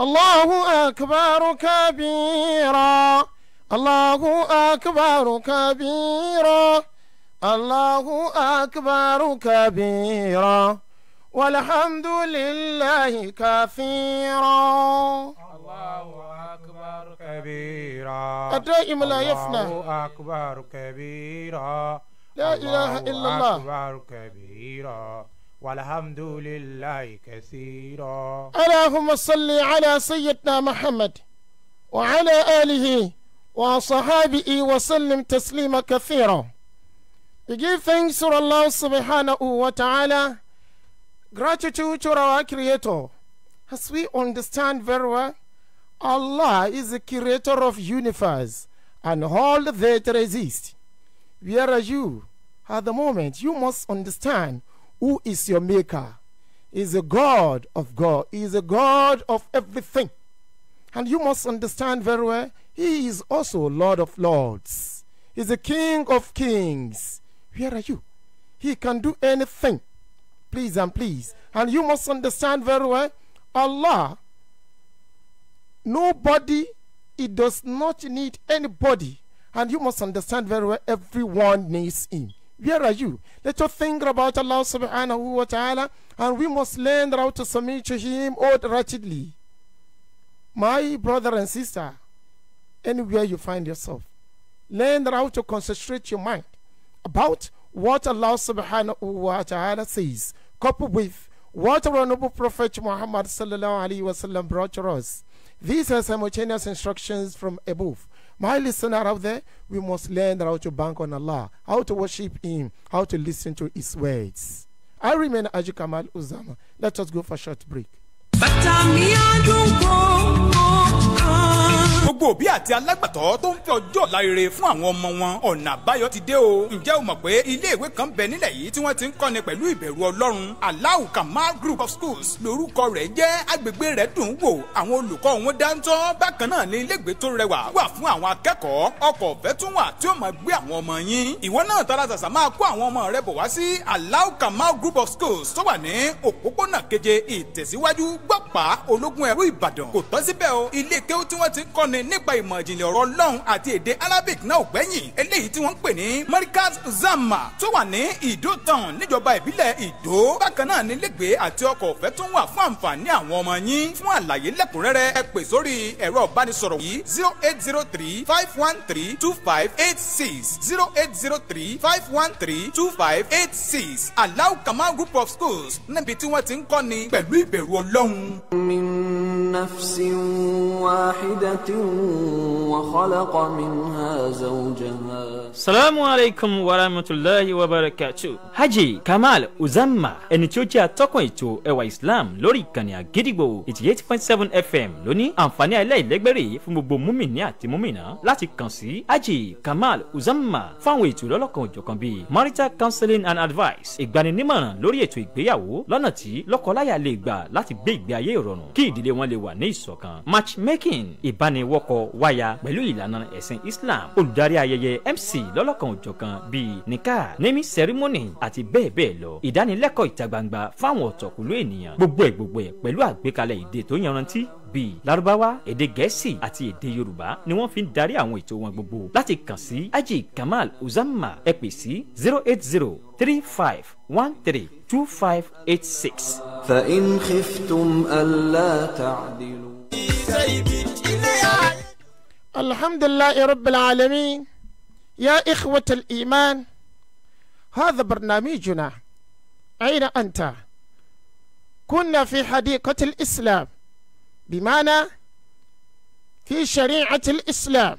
الله أكبر كبيرا الله أكبر كبيرا الله أكبر كبيرا والحمد لله كثيرا الله أكبر كبيرا الدائم لا يفنى الله أكبر كبيرا لا إله إلا الله أكبر كبيرا والحمد لله كثيرا اللهم صل على سيدنا محمد وعلى آله وصحابه وسلم تسليما كثيرا We give thanks to Allah subhanahu wa ta'ala gratitude to our creator as we understand very well Allah is the creator of universe and all that exist whereas you at the moment you must understand who is your maker. He is a God of God. He is a God of everything. And you must understand very well, He is also Lord of Lords. He is a King of Kings. Where are you? He can do anything. Please and please. And you must understand very well, Allah, nobody, He does not need anybody. And you must understand very well, everyone needs Him. Where are you? Let us think about Allah subhanahu wa ta'ala and we must learn how to submit to Him old wretchedly. My brother and sister, anywhere you find yourself, learn how to concentrate your mind about what Allah subhanahu wa ta'ala says, coupled with what our noble Prophet Muhammad sallallahu alayhi wa sallam brought to us. These are simultaneous instructions from above. My listener out there, we must learn how to bank on Allah, how to worship Him, how to listen to His words. I remain Aji Kamal Uzama. Let us go for a short break. gbogbo òbí àti alágbàtọ́ tó ń fẹ́ ọjọ́ ọ̀la fún àwọn ọmọ wọn ọ̀nà àbáyọ ti dé o ǹjẹ́ o mọ̀ pé iléèwé kan bẹ nílẹ̀ yìí tí wọ́n ti ń kọ́ni pẹ̀lú ìbẹ̀rù ọlọ́run Allahu Kamal Group of Schools lórúkọ rẹ̀ jẹ́ agbègbè rẹ̀ dùn wò àwọn olùkọ́ wọn dáńtọ́ bákan náà ni iléègbé tó rẹwà wà fún àwọn akẹ́kọ̀ọ́ ọkọ̀ ọ̀fẹ́ tún wà tí ó máa gbé àwọn ọmọ yín ìwọ náà tara ìtọ́ni nípa ìmọ̀ ìjìnlẹ̀ ọ̀rọ̀ ọlọ́run àti èdè arabic náà ò gbẹ́yìn eléyìí tí wọ́n ń pè ní marikaz zama tó wà ní ìdó town níjọba ìbílẹ̀ ìdó bákan náà ní lẹ́gbẹ̀ẹ́ àti ọkọ̀ ọ̀fẹ́ tó ń wà fún àǹfààní àwọn ọmọ yín fún àlàyé lẹ́kùnrẹ́rẹ́ ẹ pè sórí ẹ̀rọ ìbánisọ̀rọ̀ yìí zero eight zero three five one three two five eight six zero eight zero three five one three two five eight six alau kamal group of schools níbi tí wọ́n ti ń kọ́ni pẹ̀lú ìbẹ̀rù ọlọ́run. نفس واحدة وخلق منها زوجها salamu alaikum wa rahmatulahi wa barakatu. hajj kamal uzama ẹni tí ó jẹ́ atọ́kùn ètò ẹwà islam lórí ìkànnì àgídìgbò eighty eight point seven fm ló ní àǹfààní aláìlẹ́gbẹ̀rẹ̀ fún gbogbo múmìnì àti múmìnà láti kàn sí hajj kamal uzama fáwọn ètò lọ́lọ́kan òjọ̀kan bíi marital counseling and advice ìgbaninímọ̀ràn lórí ètò ìgbéyàwó lọ́nà tí lọ́kọláya lè gbà láti gbé ìgbé ayé ìrọ̀rùn kí ìdílé wọn lè wà ní ìṣọ̀kan matchmaking ìbániwọ́kọ̀ wáyà pẹ̀lú ìlànà ẹ̀sìn Islam olùdarí ayẹyẹ MC lọ́lọ́kan òjọ̀kan bíi nika naming ceremony àti bẹ́ẹ̀ bẹ́ẹ̀ lọ ìdánilẹ́kọ̀ọ́ ìta gbangba fáwọn ọ̀tọ̀kùlú ènìyàn gbogbo ẹ̀ gbogbo ẹ̀ pẹ̀lú àgbékalẹ̀ ìdè tó yanrantí bíi Lárúbáwá èdè Gẹ̀ẹ́sì àti èdè Yorùbá ni wọ́n fi ń darí àwọn ètò wọn gbogbo láti kàn sí aji Kamal Uzamma ẹ pè sí zero eight zero three five one three two five eight six. فإن خفتم ألا تعدلوا. الحمد لله رب العالمين يا إخوة الإيمان هذا برنامجنا أين أنت؟ كنا في حديقة الإسلام بمعنى في شريعة الإسلام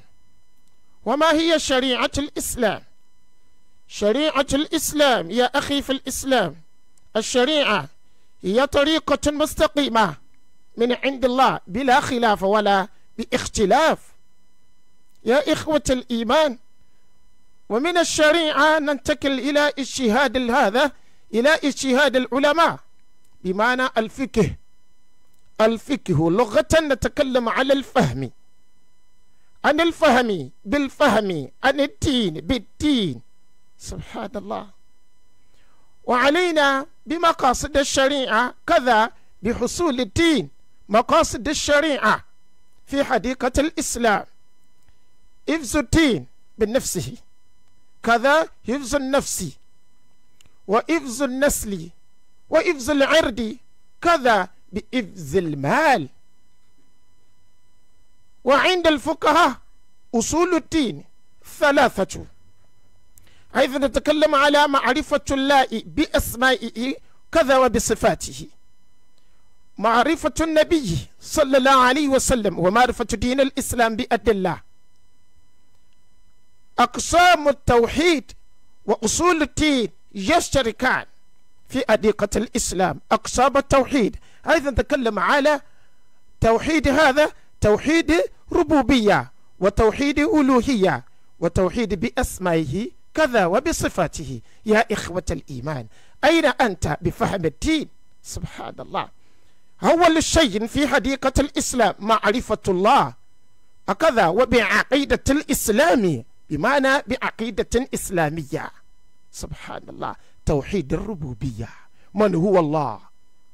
وما هي شريعة الإسلام شريعة الإسلام يا أخي في الإسلام الشريعة هي طريقة مستقيمة من عند الله بلا خلاف ولا باختلاف يا إخوة الإيمان ومن الشريعة ننتقل إلى اجتهاد هذا إلى اجتهاد العلماء بمعنى الفقه الفقه لغة نتكلم على الفهم عن الفهم بالفهم عن الدين بالدين سبحان الله وعلينا بمقاصد الشريعة كذا بحصول الدين مقاصد الشريعة في حديقة الإسلام يفز الدين بنفسه كذا يفز النفس ويفز النسل ويفز العرض كذا بإفز المال وعند الفقهاء أصول الدين ثلاثة حيث نتكلم على معرفة الله بأسمائه كذا وبصفاته معرفة النبي صلى الله عليه وسلم ومعرفة دين الإسلام بأدلة أقسام التوحيد وأصول الدين يشتركان في أديقة الإسلام أقسام التوحيد أيضا تكلم على توحيد هذا توحيد ربوبية وتوحيد ألوهية وتوحيد بأسمائه كذا وبصفاته يا إخوة الإيمان أين أنت بفهم الدين سبحان الله أول شيء في حديقة الإسلام معرفة الله هكذا وبعقيدة الإسلام بمعنى بعقيدة إسلامية سبحان الله توحيد الربوبية من هو الله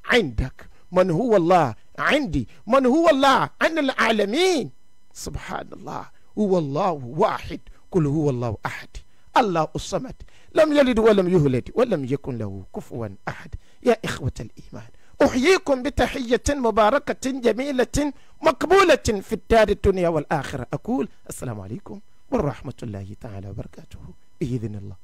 عندك من هو الله عندي من هو الله عن العالمين سبحان الله هو الله واحد قل هو الله أحد الله الصمد لم يلد ولم يولد ولم يكن له كفوا أحد يا إخوة الإيمان أحييكم بتحية مباركة جميلة مقبولة في الدار الدنيا والآخرة أقول السلام عليكم والرحمة الله تعالى وبركاته بإذن الله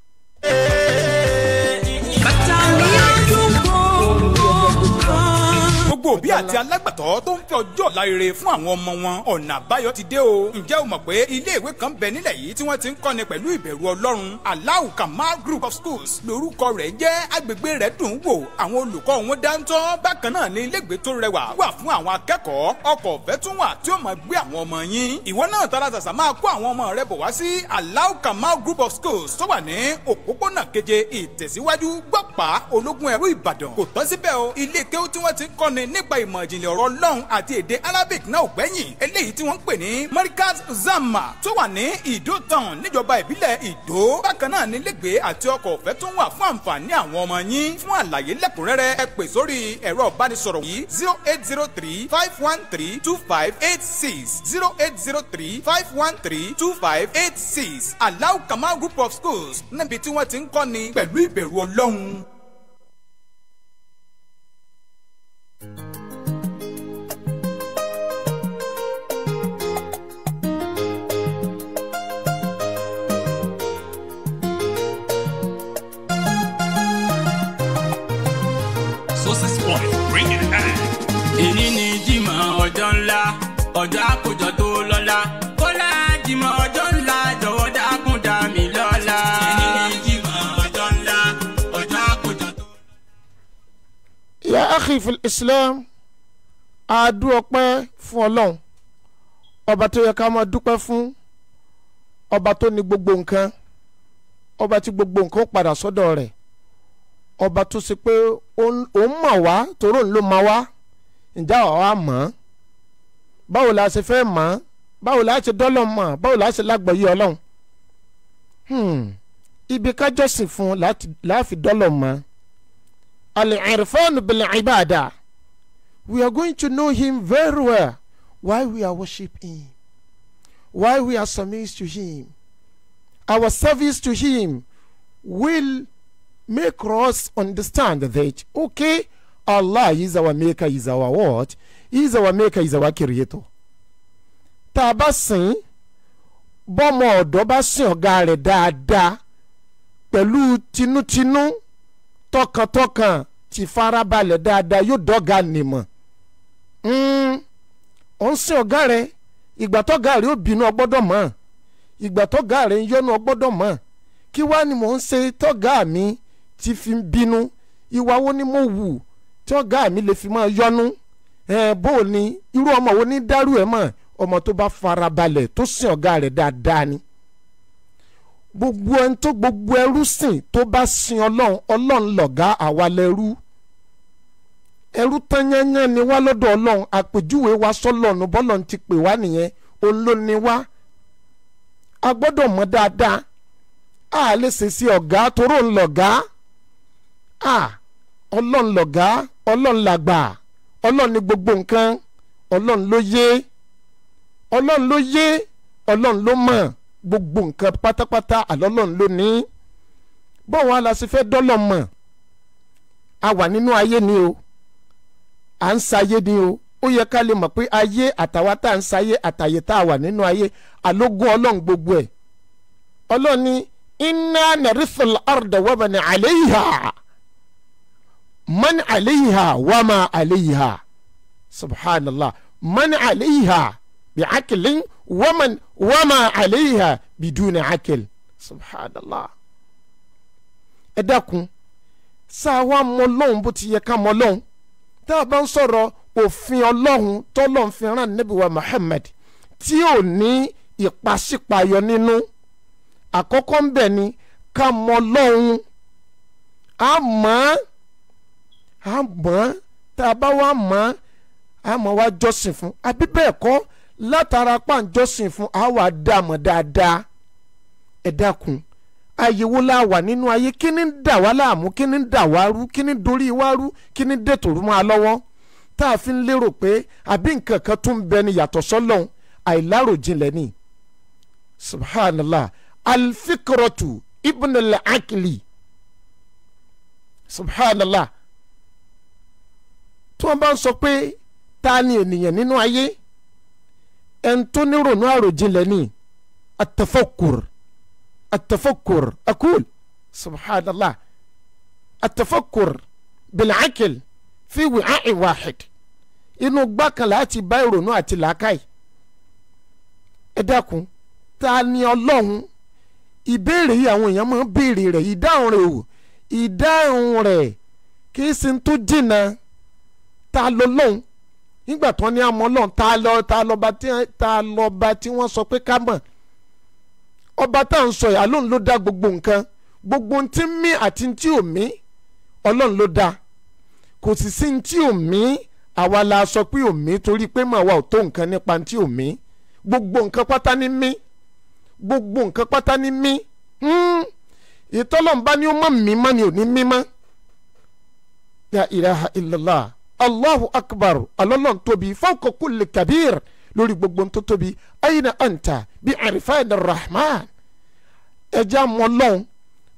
gbogbo òbí àti alágbàtọ́ tó ń fẹ́ ọjọ́ ọ̀la fún àwọn ọmọ wọn ọ̀nà àbáyọ ti dé o ǹjẹ́ o mọ̀ pé ilé ìwé kan bẹ nílẹ̀ yìí tí wọ́n ti ń kọ́ni pẹ̀lú ìbẹ̀rù ọlọ́run Allahu Kamal Group of Schools lórúkọ rẹ̀ jẹ́ agbègbè rẹ̀ dùn wò àwọn olùkọ́ wọn dáńtọ́ bákan náà ni ilégbèé tó rẹwà wà fún àwọn akẹ́kọ̀ọ́ ọkọ̀ ọ̀fẹ́ tún wà tí ó máa gbé àwọn ọmọ yín ìwọ náà tara tàṣà máa kó àwọn ọmọ rẹ bọ̀ wá sí Allahu Kamal Group of Schools tó wà ní òpópónà keje ìtẹ̀síwájú gbọ́pàá ológun ẹ̀rú Ìbàdàn kò tán síbẹ̀ o ilé kéwú tí wọ́n ti ń kọ́ni akọ́ni nípa ìmọ̀ ìjìnlẹ̀ ọ̀rọ̀ ọlọ́run àti èdè arabic náà ò gbẹ́yìn eléyìí tí wọ́n ń pè ní marikaz zama tó wà ní ìdó town níjọba ìbílẹ̀ ìdó bákan náà ní lẹ́gbẹ̀ẹ́ àti ọkọ̀ ọ̀fẹ́ tó ń wà fún àǹfààní àwọn ọmọ yín fún àlàyé lẹ́kùnrẹ́rẹ́ ẹ pè sórí ẹ̀rọ ìbánisọ̀rọ̀ yìí zero eight zero three five one three two five eight six zero eight zero three five one three two five eight six alau kamal group of schools níbi tí wọ́n ti ń kọ́ni pẹ̀lú ìbẹ̀rù ọlọ́run. Sources Point, bring it in. Èyí jima Jímọ̀ ọjọ́ ńlá, ọjọ́ akhi fil islam adu ọpẹ́ fún Ọlọ́run ọba tó yẹ ká máa dúpẹ́ fún ọba tó ní gbogbo nǹkan ọba tí gbogbo nǹkan padà sọ́dọ̀ rẹ̀ ọba tó ṣe pé òun mọ̀ wá tòró ń ló ma wá ǹjẹ́ àwa wá mọ̀ ọ́ báwo la ṣe fẹ́ mọ̀ ọ́ báwo la ṣe dọ́lọ̀ mọ̀ ọ́ báwo la ṣe lágbọ̀ọ́yé Ọlọ́run hmm. ibi kájọ́sìn fún láàfin dọ́lọ̀ mọ̀ ọ́. Al-Irfan bil Ibadah. We are going to know Him very well why we are worshiping Him, why we are submissive to Him. Our service to Him will make us understand that, okay, Allah is our maker, is our what? He is our maker, is our creator. Tabasin, bá sìn bọ́mọ ọ̀dọ́ bá sìn ọ̀gá tinútinú. tọkàntọkàn ti farabalẹ̀ dáadáa yóò dọ́gà nìmọ̀ hmm, ò ń sin ọ̀gá rẹ ìgbà tọ́gá rẹ yóò bínú ọgbọ́dọ̀ ìgbà tọ́gá rẹ ń yọnu kí wá ni mò ń ṣe mi ti fi ìwà ni mo mi lè fi máa yọnu bó o irú ọmọ wo ní dárú ẹ̀ mọ̀ ọmọ tó bá farabalẹ̀ tó ọ̀gá ni gbogbo ẹni tó gbogbo ẹrú sìn tó bá sin ọlọ́run ọlọ́run lọ̀gá àwa lẹ́rú ẹrú tán yányán ni wá lọ́dọ̀ ọlọ́run àpèjúwe wa sọ́lọ́run bọ́lọ́run ti pè wá nìyẹn òun ló ni wá a gbọ́dọ̀ mọ̀ dáadáa a lè ṣèṣe ọ̀gá toró ń lọ̀gá a ọlọ́run lọ̀gá ọlọ́run làgbà ọlọ́run ni gbogbo nǹkan ọlọ́run ló yé ọlọ́run ló yé ọlọ́run ló mọ̀ gbogbo nǹkan pátápátá àlọ́lọ́run ló ní bọ́ọ̀ wa la sì fẹ́ dọ́lọ̀ mọ̀ a wà nínú ayé ni o à ń sayé ni o ó yẹ ká lè mọ̀ pé ayé àtàwa tá à ń sayé àtàyè tá a wà nínú ayé àlógún ọlọ́run gbogbo ẹ̀ ọlọ́run ní inna narithul arda wa man alayha man alayha wa ma alayha subhanallah man alayha. بعقل ومن وما عليها بدون عقل سبحان الله ẹ dákun sáà wá mọ Ọlọ́run bó ti yẹ ká mọ Ọlọ́run tá a bá ń sọ̀rọ̀ òfin Ọlọ́run tọ́lọ́run fi rán Ànábì wa Muhammad tí ò ní ìpàsípayọ nínú àkọ́kọ́ ń bẹ̀ ni ká mọ Ọlọ́run a mọ̀ a mọ̀ tá a bá wá mọ̀ a mọ̀ wá jọ́sìn fún àbí bẹ́ẹ̀ kọ́ látara pàǹjọ́sìn fún àwa dààmú dáadáa ẹ dákun àyẹ̀wò la wà nínú ayé kí ni ń dà wá láàmú kí ni ń dà wá rú kí ni ń dorí wá rú kí ni ń dètòrú máa lọ́wọ́ tá a fi ń lérò pé àbí nǹkan kan tún ń bẹ ni yàtọ̀ sọ́lọ́hún àìláròjinlẹ̀ ni subhanallah alfikrotu ibn al-akili subhanallah tí wọ́n bá ń sọ pé ta ni ènìyàn nínú ayé ẹn tó ní ronú àròjinlẹ̀ ni atafakur atafakur akul subhanallah atafakur bilakil fi wi'a'i wahid inú gbàkan láti bá ìrònú àti làákàyè ẹ dákun ta ni ọlọ́run ìbéèrè yìí àwọn èèyàn máa ń béèrè rẹ̀ ìdáhùn rẹ̀ o ìdáhùn rẹ̀ kì í sin tó jìnnà ta lọ́lọ́run nígbà tán ní àmọ́ lọ́n ta lọ ta lọ́ba tí ta lọ́ba tí wọ́n sọ pé ká mọ̀ ọba tá à ń sọ yà lóun ló dá gbogbo nǹkan gbogbo ntí mí àti ntí ò mí ọlọ́run ló dá kò sì sí ntí ò mí àwa la sọ pé ò mí torí pé màwa ò tó nǹkan nípa ntí ò gbogbo nǹkan pátá ní mí gbogbo nǹkan pátá hmm. ní mí ìtọ́lọ́mbá ni ó mọ̀ mí mọ́ ni ò ní mí mọ́ ya ilaha illallah allahu akbar alọ́lọ́n tóbi fawqa kulli kabir lórí gbogbo tó tóbi ayna anta bí àrífáìnà rahman ẹjẹ́ àmọ́lọ́hún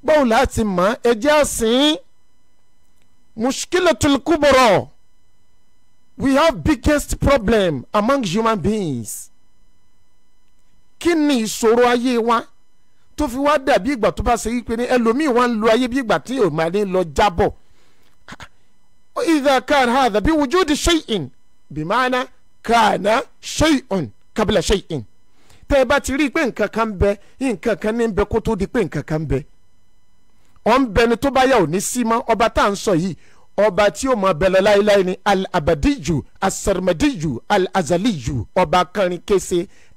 báwo láti mọ̀ ẹjẹ́ àsìn mushkilatul kubra we have biggest problem among human beings kí ni ìṣòro ayé wa tó fi wá dàbí ìgbà tó bá ṣe yí pé ẹlòmíì wá ń lo ayé bí ìgbà tí yóò lọ jábọ̀ وإذا كان هذا بوجود شيء بمعنى كان شيء قبل شيء tẹ́ ẹ bá ti rí i pé nǹkan kan ń bẹ nǹkan kan ní ń bẹ kó tó di pé nǹkan kan ń bẹ ọ̀n bẹ ni tó bá yà ò ní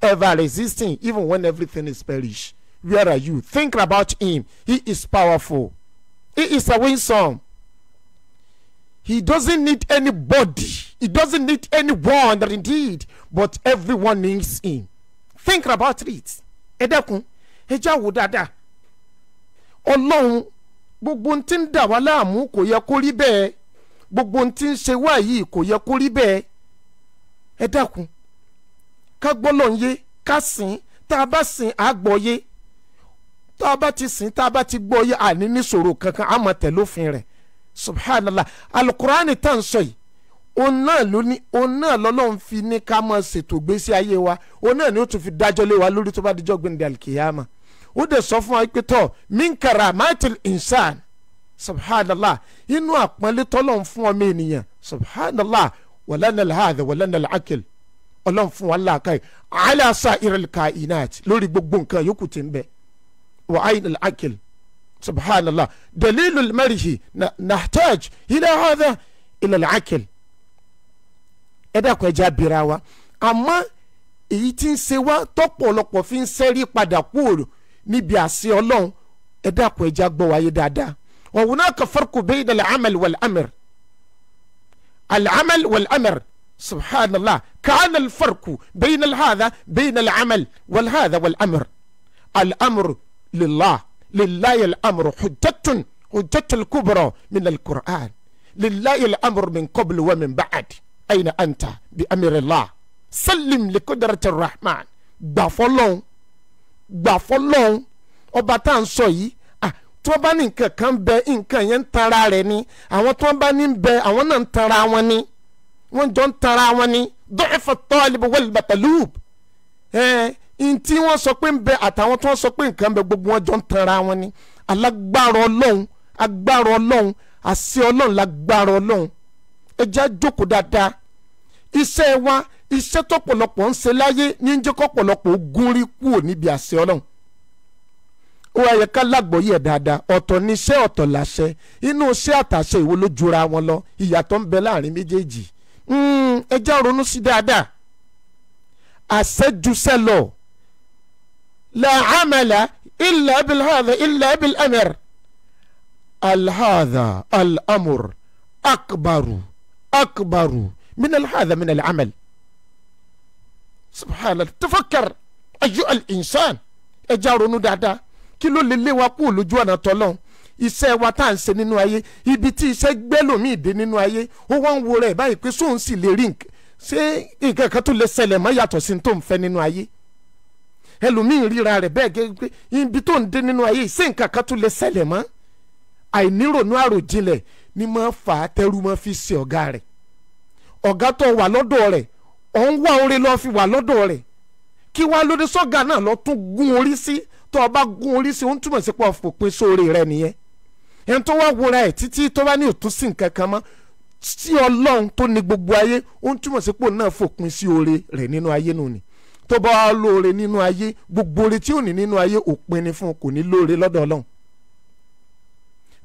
ever resisting even when everything is perish where are you think about him he is powerful he is a winsome. He doesn't need anybody. He doesn't need anyone that indeed, but everyone needs him. Think about it. Ẹ dẹ́kun, ẹ jáwó dáadáa. Ọlọ́run gbogbo ohun tí ń dà wá láàmú kò yẹ kó rí bẹ́ẹ̀. Gbogbo ohun tí ń ṣe wá yìí kò yẹ kó rí bẹ́ẹ̀. Ẹ dẹ́kun, ká gbọ́lọ̀ ń yé ká sìn tá a bá sìn á gbọ́ yé. Tá a bá ti sìn tá a bá ti gbọ́ yé àní ní ṣòro kankan á tẹ̀lófin rẹ̀ subhanallah alukurani tá n sọ yìí òun náà ló ní òun náà lọ́lọ́run fi ní ká máa ṣètò gbésí ayé wa òun náà ni ó tún fi dájọ́ lé wa lórí tó bá dijọ́ gbẹ̀ndẹ̀ alikiyama ó dẹ̀ sọ fún wa pé tọ́ min karamatil insan subhanallah inú àpọ́nlé tọ́lọ́run fún ọmọ ènìyàn subhanallah wàlánà làhàdà wàlánà làákìl ọlọ́run fún wa làákàyè alasa irelka inat lórí gbogbo nǹkan yòókù ti ń bẹ wàhánà làákìl سبحان الله دليل المرح نحتاج إلى هذا إلى العقل ẹ̀dá kan ẹja bira wa àmọ́ èyí tí ń ṣe wá tọ́pọ̀lọpọ̀ fi ń sẹ́rí padà kúrò níbi àṣẹ ọlọ́run ẹ̀dá kan ẹja gbọ́ wáyé dáadáa wa hunaka farqu bayna al-amal wal-amr al-amal wal-amr subhanallah kana al-farqu bayna hadha bayna al-amal wal hadha wal-amr al-amr lillah. لله الأمر حجة حجة الكبرى من القرآن لله الأمر من قبل ومن بعد أين أنت بأمر الله سلم لقدرة الرحمن gbà fọlọ́hún gbà سوي ọba tá à ń sọ yìí tí wọ́n bá ní nǹkan kan bẹ nǹkan yẹn ń tara rẹ̀ ni àwọn tí wọ́n bá ní bẹ àwọn náà ń tara wọn ni wọ́n jọ ń tara wọn ni dọ́ẹ̀fọ̀ tọ́ọ̀lì wal matlub ntí wọ́n sọ pé ń bẹ àtàwọn tí wọ́n sọ pé nǹkan ń bẹ gbogbo wọn jọ ń tanra wọn ni alágbára ọlọ́run agbára ọlọ́run àṣẹ ọlọ́run lágbára ọlọ́run ẹ jókòó dáadáa iṣẹ́ wa iṣẹ́ tó pọ̀lọpọ̀ ń ṣe láyé ní jẹ́ pọ̀lọpọ̀ ogun rí kúrò níbi àṣẹ ọlọ́run ó wá ká lágbọ́yé ẹ̀ dáadáa ọ̀tọ̀ ni iṣẹ́ ọ̀tọ̀ làṣẹ inú iṣẹ́ àtàṣe ìwo ló jura wọn lọ ìyàtọ̀ ń bẹ láàrin méjèèjì hmm, ẹ jẹ́ á ronú sí dáadáa àṣẹ jùṣẹ́ lọ لا عمل إلا بالهذا إلا بالأمر هذا الأمر أكبر أكبر من هذا من العمل سبحان الله تفكر أيها الإنسان أجارونو دادا كيلو للي وقول جوانا طولون iṣẹ́ wa tá à ń ṣe nínú ayé ibi tí iṣẹ́ gbẹ́ lòmíì dé nínú ayé ó wá ń wo rẹ̀ báyìí pé sóun sì lè rí ṣé nǹkan kan tó lè ṣẹlẹ̀ mọ́ yàtọ̀ sí tó ń fẹ́ nínú ayé. ẹlòmíín ríra rẹ̀ bẹ́ẹ̀ gẹ́gẹ́ pé ibi tó ń dé nínú ayé ìsè nǹkan kan tún lè ṣẹlẹ̀ mọ́ àìnírònú àròjinlẹ̀ ni máa fà á tẹ́rù máa fi ṣe ọ̀gá rẹ̀ ọ̀gá tó wà lọ́dọ̀ rẹ̀ ọ̀ ń wá oore lọ́ọ́ fi wà lọ́dọ̀ rẹ̀ kí wàá lóde sọ́gà náà lọ tún gun orí sí tó o bá gun orí sí ó ń túmọ̀ sí pé òpin sóore rẹ nìyẹn ẹni tó wá wúra ẹ̀ títí tó bá ní ìtúnsí nǹkan kan mọ́ sí ọlọ́run tó ní gbogbo ayé ó ń túmọ̀ sí pé òun náà fòpin sí oore rẹ̀ nínú ayé nù ni tó bá wá lóore nínú ayé gbogbo ore tí ò ní nínú ayé òpin ni fún kò ní lóore lọ́dọ̀ ọlọ́run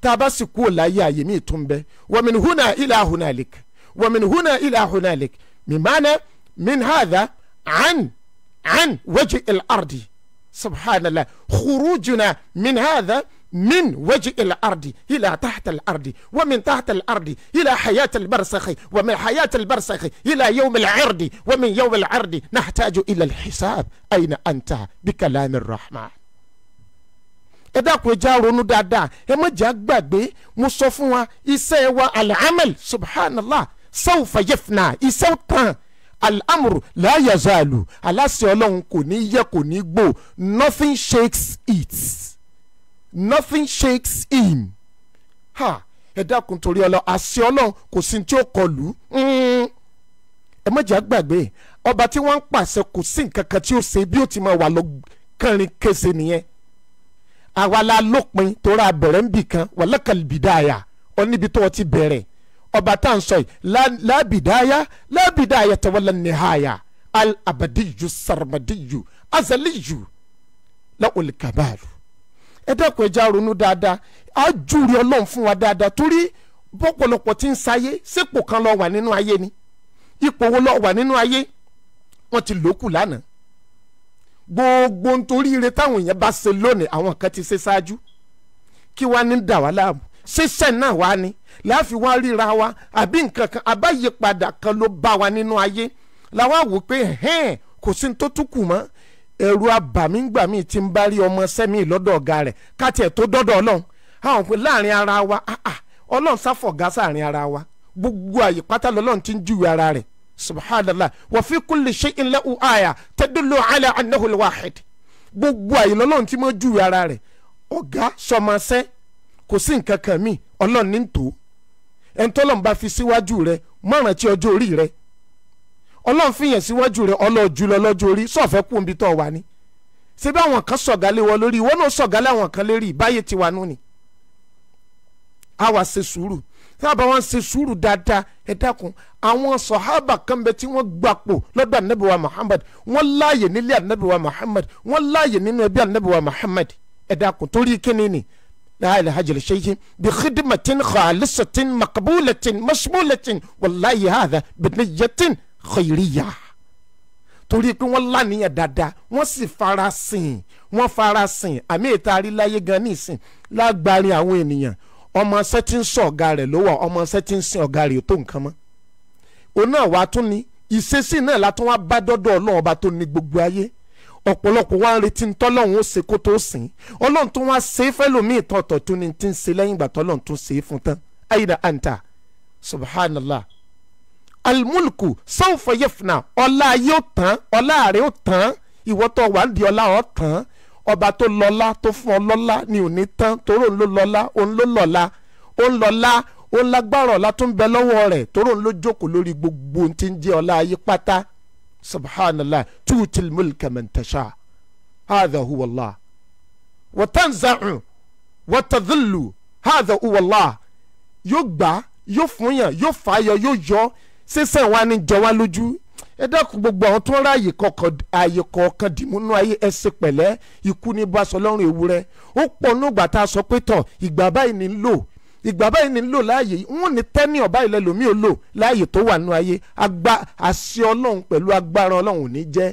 tá a bá sì kú láyé àyè mí tún bẹ hu náà ilà ahùn lèk máa ilà naa lèk mi ní hàdá ni hàdà àn àn wajhi al-ardi subhanallah khurujuna min hàdà. من وجه الأرض إلى تحت الأرض ومن تحت الأرض إلى حياة البرزخ ومن حياة البرزخ إلى يوم العرض ومن يوم العرض نحتاج إلى الحساب أين أنت بكلام الرحمن ẹ dákun ẹ já ronú dáadáa ẹ má jà gbàgbé mo sọ fún wa iṣẹ́ wa al-amal subhanallah sawfa yafna iṣẹ́ tán al-amru la yazalu aláṣẹ ọlọ́run kò ní yẹ kò ní gbò nothing shakes it. nothing shakes him ha ẹ dákun torí ọlọ àṣẹ Ọlọ́run kò sí tí ó kọlù mm. ẹ má jà gbàgbé ọba tí wọ́n ń pàṣẹ kò sí nǹkan kan tí ó ṣe bí ó ti máa wà lọ kẹrin kése nìyẹn àwa la lópin torí abẹ̀rẹ̀ ń bì kan wàlákàlìbìdáyà ọ níbi tó o ti bẹ̀rẹ̀ ọba tá à ń sọ yìí lábìdáyà lábìdáyà tawala nìhàyà al abadiyu sarmadiyu azaliyu la olùkàbàlù ẹ dẹ́kun ẹja ronú dáadáa á júùrí ọlọ́run fún wa dáadáa torí bọ́pọ̀lọpọ̀ ti ń sáyé sípò kan lọ wà nínú ayé ni ipò wo lọ wà nínú ayé wọ́n ti lòókù lánàá gbogbo nítorí ire táwọn èèyàn bá ṣe lónìí àwọn kan ti ṣe ṣáájú kí wàá ní dà wá láàmú ṣíṣẹ́ náà wá ni láàfin wá ríra wa àbí nǹkan kan àbáyípadà kan ló bá wa nínú ayé làwọn àwò pé hẹ́ẹ̀ kò sí ní tó tún mọ́ eru abàmígbà míì ti ń bá rí ọmọ sẹ́mi lọ́dọ̀ ọ̀gá rẹ̀ káti ẹ̀ tó dọ́dọ̀ ọlọ́run àwọn pé láàrin ara wa ah, ah, ọlọ́run sáfọ̀gá sáàrin ara wa gbogbo àyè pátá lọ́lọ́run ti ń júwe ara rẹ̀ subhanallah wa fi kulli shay'in lahu gbogbo àyè lọ́lọ́run ti mọ́ júwe ara rẹ̀ ọ̀gá sọmọṣẹ́ kò sí nǹkan kan mi ọlọ́run ní ẹ̀ńtọ́lọ́run bá fi síwájú rẹ̀ mọ́ràn ọlọ́run fìyàn síwájú rẹ̀ ọlọ́ọ̀jú lọ lọ́jọ́ orí sọ̀fẹ́ kú omi tó wà ní. ṣé bí àwọn kan sọ̀gálé wọ lórí ìwọ náà sọ̀gálé àwọn kan lérí ìbáyé ti wà nù ni. a wà ṣe sùúrù tí a bá wọn ṣe sùúrù dáadáa ẹ dákun àwọn sọ̀hábà kan bẹ tí wọ́n gbapò lọ́dọ̀ ànábìwá Muhammad wọ́n láàyè nílé ànábìwá Muhammad wọ́n láàyè nínú ẹbí ànábìwá Muhammad ẹ dákun torí kíni ni la ilaha jala shay'in bi khidmatin khalisatin maqbulatin mashmulatin wallahi hadha khairiya torí pé wọ́n lánìyàn dáadáa wọ́n sì farasìn wọ́n farasìn àmì ìta àríláyé gan nísìn lágbárin àwọn ènìyàn ọmọ ṣẹ́ tí ń sọ ọ̀gá rẹ̀ lówó ọmọ ṣẹ́ tí ń sin ọ̀gá rẹ̀ tó nǹkan mọ́ òun náà wàá tún ni ìṣesí náà la tún wá bá dọ́dọ̀ ọlọ́run ọba tó ní gbogbo ayé ọ̀pọ̀lọpọ̀ wa ń retí ń tọ́lọ́run ó ṣe kó tó sìn ọlọ́run tó wá ṣe é fẹ́lòmíì tán ọ̀tọ̀ tó ní ti ń ṣe lẹ́yìn ìgbà tọ́lọ́run tó ṣe é fún tán ayida anta subhanallah almulku sọ́ọ̀fọ̀ yẹ̀fùnà ọlá ayé ò tán ọlá ààrẹ ò tán ìwọ tó wà ń di ọlá ọ̀ tán ọba tó lọ́lá tó fún ọ lọ́lá ni ò ní tán torí òun ló lọ́lá òun ló lọ́lá òun lọ́lá òun lágbára ọ̀la tó ń bẹ lọ́wọ́ rẹ̀ torí òun ló jókòó lórí gbogbo ohun tí ń jẹ́ ọlá ayé pátá subhanallah tuutil mulka man tasha hadha huwa allah wa tanza'u wa tadhillu yóò gbà yóò fún yàn yóò fàyọ yóò yọ sísan wa ní jọ wá lójú ẹ dákun gbogbo àwọn tó ń ráàyè kọkàn ààyè kọ̀ọ̀kan dìmúnú ayé ẹsẹ̀ pẹ̀lẹ́ ikú ní baṣọ lọ́rùn ewúrẹ́ ó pọ̀ nígbà tá a sọ pé tán ìgbà báyìí ní lò ìgbà báyìí ní lò láàyè wọn ní tẹ́ni ọ̀bá ilẹ̀ lòmí ò lò láàyè tó wà nínú ayé agbá àṣẹ ọlọ́run pẹ̀lú agbára ọlọ́run ò ní jẹ́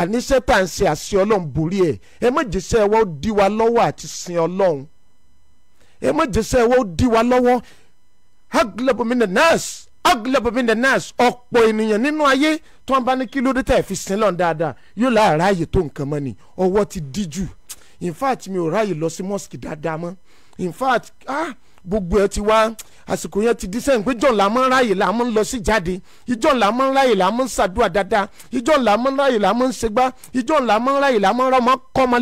àníṣe tá à ń ṣe àṣẹ ọlọ́run borí ẹ̀ ẹ má jẹ́sẹ́ ẹwọ́ dí wa lọ́wọ́ àti sin ọlọ́run ẹ má jẹ́sẹ́ ẹwọ́ dí wa lọ́wọ́ aglabu mina aglabu min the nas ọ̀pọ̀ ènìyàn nínú ayé tó ń bá ní kí ló tẹ̀ fi sin lọ́n dáadáa yóò láàárọ̀ ààyè tó nǹkan mọ́ ni ọwọ́ ti dí jù in fact mi ò ráàyè lọ sí mosque dáadáa mọ́ in fact ah gbogbo ẹ e ti wá àsìkò yẹn ti di sẹ́yìn pé jọ̀ọ́ la máa ń ráyè la máa ń lọ sí jáde ìjọ́ la máa ń ráyè la máa ń ṣàdúrà dáadáa ìjọ́ la máa ń ráyè la máa ń ṣègbá ìjọ́ la máa ń ráyè la máa ń rọmọ kọ́mọ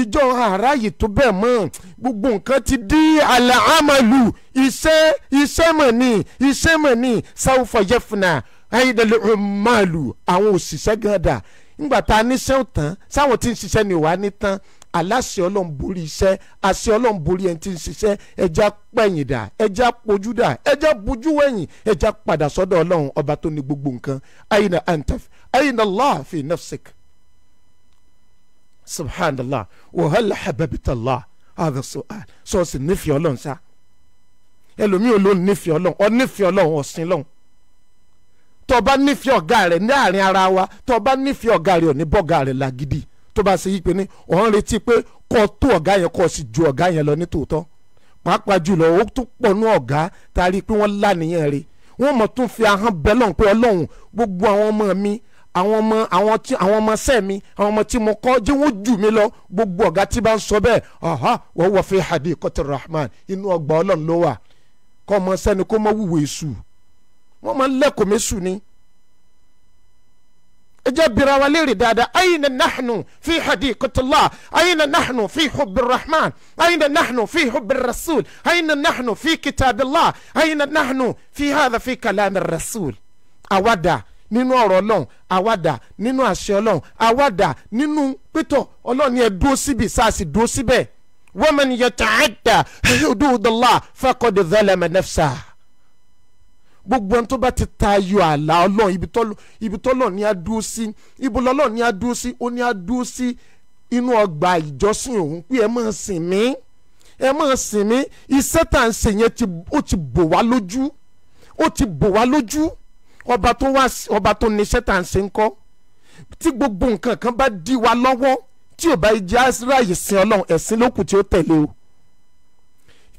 ìjọ́ àráyè tó bẹ́ẹ̀ mọ́ gbogbo nǹkan ti di àlàámàlù iṣẹ́ iṣẹ́ mọ̀ ni iṣẹ́ mọ̀ ni sáwùfọ̀ yẹ́fúnà ayédèlè màlù àwọn òṣìṣẹ́ gàdà ńgbà tá a níṣẹ́ tán sáwọn tí ń ṣiṣẹ́ ni wàá ní tán aláṣẹ ọlọ́run borí iṣẹ́ àṣẹ ọlọ́run borí ẹni tí ń ṣiṣẹ́ ẹja pẹ̀yìndà ẹja pojúdà ẹja bojú wẹ̀yìn ẹja padà sọ́dọ̀ ọlọ́run ọba tó ní gbogbo nǹkan ayina antaf ayina allah fi nafsik subhanallah wàhálà hababitallah hadha su'al sọ́ọ̀sì nífẹ̀ẹ́ ọlọ́run sá ẹlòmíì ò ló nífẹ̀ẹ́ ọlọ́run ọ nífẹ̀ẹ́ ọlọ́run ọ̀sìn lọ́run tọba nífẹ̀ẹ́ ọ̀gá rẹ̀ ní àárín ara wa tọba nífẹ̀ẹ́ ọ̀gá rẹ̀ ò ní bọ́gà rẹ̀ làgídì tó bá ṣe yí pé ní òun retí pé kó tó ọ̀gá yẹn kó sì ju ọ̀gá yẹn lọ ní tòótọ́ pàápàá jùlọ ó tún pọ̀ ọ̀gá tá a rí i pé wọ́n lánìyàn rẹ̀ wọ́n mọ̀ tún fi ahọ́n bẹ́ lọ́hùn pé ọlọ́hùn gbogbo àwọn ọmọ mi àwọn ọmọ àwọn tí àwọn ọmọ sẹ́ mi àwọn ọmọ tí mo kọ́ jẹ́ wọ́n jù mí lọ gbogbo ọ̀gá tí bá ń sọ bẹ́ẹ̀ ọ̀há wọ́n wọ̀ fi hadi kọ́tẹ́ rahman inú ọgbà ọlọ́run ló wà kọ́ ọmọ sẹ́ni kó mọ wúwo èṣù wọ́n máa ń lẹ́kọ̀ọ́ mẹ́sù ni ẹ jẹ́ bira wa léèrè dáadáa ayna nahnu fi hadiqatillah ayna nahnu fi hubbi rahman ayna nahnu fi hubbi rasul ayna nahnu fi kitabillah ayna nahnu fi hadha fi kalami rasul. àwàdà nínú ọ̀rọ̀ ọlọ́run àwàdà nínú àṣẹ ọlọ́run àwàdà nínú pétọ̀ ọlọ́run ni ẹ dúró síbi sáà sì dúró síbẹ̀. waman yata'adda hududallah faqad zalama nafsahu gbogbo ẹni tó bá ti tayọ àlà ọlọ́run ibi tọ́lọ̀ ní a dúró sí ibo lọ́lọ́run ní a dúró sí ó ní a dúró sí inú ọgbà ìjọsìn òun pé ẹ máa sìn mí ẹ máa sìn mí iṣẹ́ tà ń ṣe yẹn ó ti bò wá lójú ó ti bò wá lójú ọba tó wá ọba tó ní tà ń ṣe ń tí gbogbo nǹkan kan bá dí wa lọ́wọ́ tí ò bá jẹ́ àṣírí àyè ọlọ́run ẹ̀sìn lókù tí ó tẹ̀lé o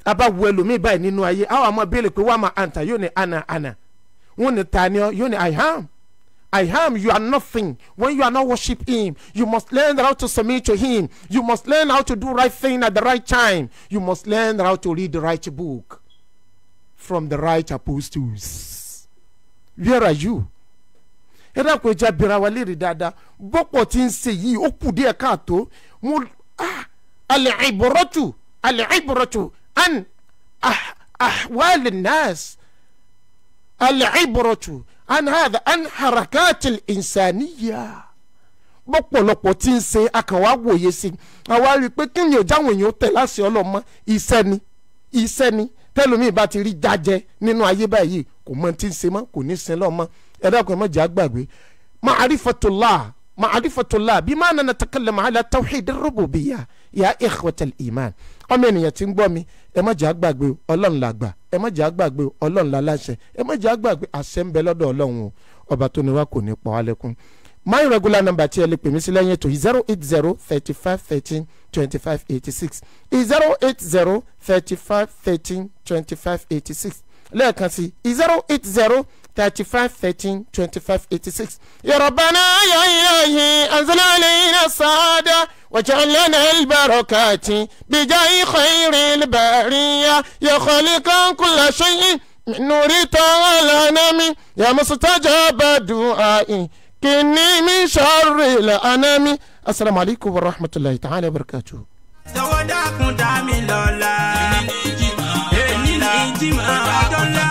a bá wo ẹlòmíì báyìí nínú ayé àwọn àmọ́ béèrè pé wà á máa àǹtà yóò ní àná àná wọn ní ta yóò ní i am I am you are nothing when you are not worship him you must learn how to submit to him you must learn how to do right thing at the right time you must learn how to read the right book from the right apostles where are you ẹ dákun ẹja bìrà wa léèrè dáadáa bọ́pọ̀ tí ń ṣe yìí ó kù díẹ̀ káàtó mo ah alẹ́ ìbọ̀rọ̀tù alẹ́ ìbọ̀rọ̀tù عن أحوال الناس العبرة عن هذا عن حركات الإنسانية bọ́pọ̀lọpọ̀ tí ń ṣe akànwá wòye sí àwa rí i pé kí ni ò jáwọn èèyàn tẹ̀ láṣẹ ọlọ́mọ iṣẹ́ ni iṣẹ́ ni tẹ́lómìn bá ti rí jájẹ nínú ayé báyìí kò mọ tí ń ṣe mọ́ kò ní sin lọ́mọ ẹ dákun jẹ́ àgbàgbé ma'arifatullah ma'arifatullah bí máa nana takalẹ̀ ma'ala tawhid rububiya ya ikhwatal iman ọmọ ènìyàn tí ń gbọ́ mi ẹ má jẹ́ àgbàgbé ọlọ́run làgbà ẹ má àgbàgbé ọlọ́run làláṣẹ ẹ má àgbàgbé àṣẹ ń bẹ lọ́dọ̀ ọlọ́run o ọba tó ní wa kò ní pa wá my regular number tí ẹ lè pè mí sí lẹ́yìn ètò zero eight zero thirty five thirteen twenty five eighty six zero eight zero thirty five thirteen twenty five eighty six lẹ́ẹ̀kan sí zero eight zero 35 13 25 86 يا ربنا يا إلهي أنزل علينا السعادة واجعل لنا البركات بجاه خير البرية يا خالق كل شيء من نور العالمين يا مستجاب دعائي كني من شر الأنام السلام عليكم ورحمة الله تعالى وبركاته سوداكم دامي لولا إني جمع إني جمع